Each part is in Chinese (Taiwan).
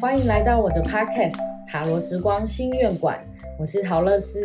歡迎來到我的 Podcast 塔羅食光心願館，我是桃樂絲，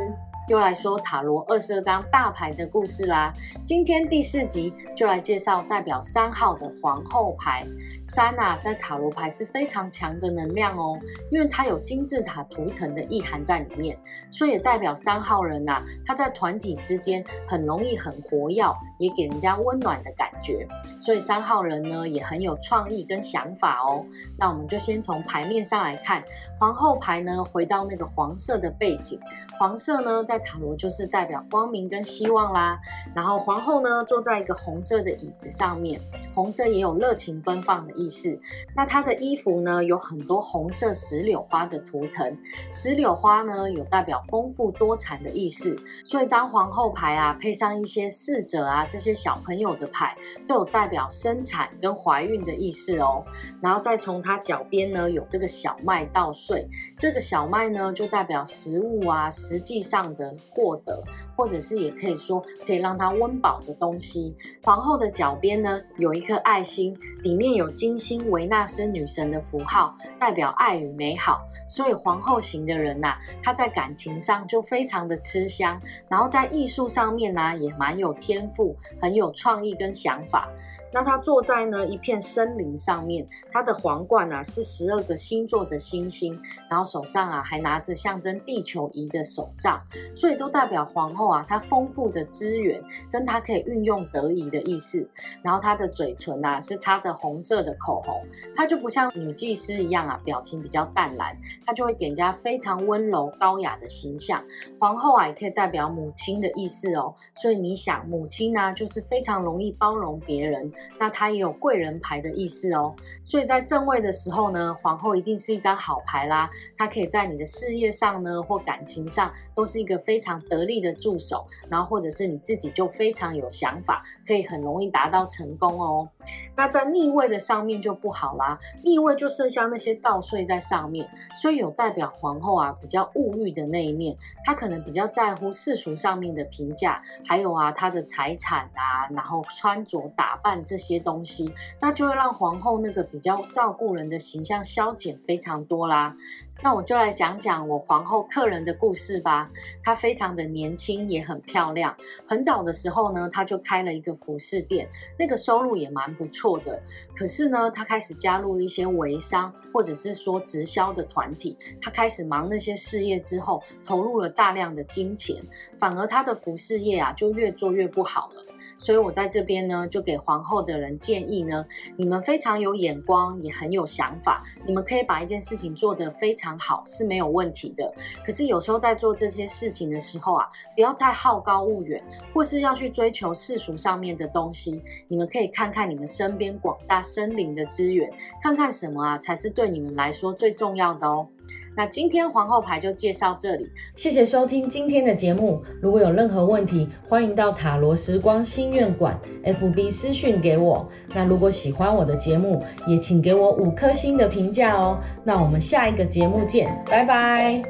又來說塔羅二十二張大牌的故事啦。今天第四集就來介紹代表三號的皇後牌。三啊，在塔羅牌是非常強的能量哦，因為它有金字塔圖騰的意涵在裡面，所以也代表三號人啊，他在團體之間很容易很活躍，也給人家溫暖的感覺。所以三號人呢也很有創意跟想法哦。那我們就先從牌面上來看，皇後牌呢回到那個黃色的背景，黃色呢在塔羅就是代表光明跟希望啦。然後皇後呢坐在一個紅色的椅子上面，紅色也有熱情奔放的。意思，那她的衣服呢有很多紅色石榴花的圖騰，石榴花呢有代表豐富多產的意思，所以當皇後牌啊配上一些侍者啊這些小朋友的牌，都有代表生產跟懷孕的意思哦。然後再從她腳邊呢有這個小麥稻穗，這個小麥呢就代表食物啊，實際上的獲得，或者是也可以說可以讓她溫飽的東西。皇後的腳邊呢有一顆愛心，裡面有。金星、維納斯女神的符號代表愛與美好，所以皇后型的人吶、啊，她在感情上就非常的吃香，然後在藝術上面呢、啊、也蠻有天賦，很有創意跟想法。那她坐在呢一片森林上面，她的皇冠啊是十二個星座的星星，然後手上啊還拿着象徵地球儀的手杖，所以都代表皇後啊她豐富的資源跟她可以運用得宜的意思。然後她的嘴唇啊是擦着紅色的口紅，她就不像女祭司一樣啊表情比較淡然，她就會給人家非常溫柔高雅的形象。皇後啊也可以代表母親的意思哦，所以你想母親呢、啊、就是非常容易包容別人。那它也有貴人牌的意思哦，所以在正位的時候呢，皇後一定是一張好牌啦。它可以在你的事業上呢，或感情上，都是一個非常得力的助手。然後或者是你自己就非常有想法，可以很容易達到成功哦。那在逆位的上面就不好啦，逆位就剩下那些稻穗在上面，所以有代表皇後啊比較物欲的那一面，她可能比較在乎世俗上面的評價，還有啊她的財產啊，然後穿着打扮這些東西，那就會讓皇後那個比較照顧人的形象消減非常多啦。那我就來講講我皇后客人的故事吧，她非常的年輕，也很漂亮，很早的時候呢，她就開了一個服飾店，那個收入也蠻不錯。做的，可是呢，他開始加入一些微商或者是說直銷的團體，他開始忙那些事業之後，投入了大量的金錢，反而他的服飾業啊就越做越不好了。所以我在這邊呢，就給皇後的人建議呢，你們非常有眼光，也很有想法，你們可以把一件事情做得非常好，是沒有問題的。可是有時候在做這些事情的時候啊，不要太好高騖遠，或是要去追求世俗上面的東西。你們可以看看你們身邊廣大森林的資源，看看什麼啊，才是對你們來說最重要的哦。那今天皇後牌就介紹這裡，謝謝收聽今天的節目。如果有任何問題，歡迎到塔羅食光心願館 FB 私訊給我。那如果喜歡我的節目，也請給我五顆星的評價哦。那我們下一個節目見，拜拜。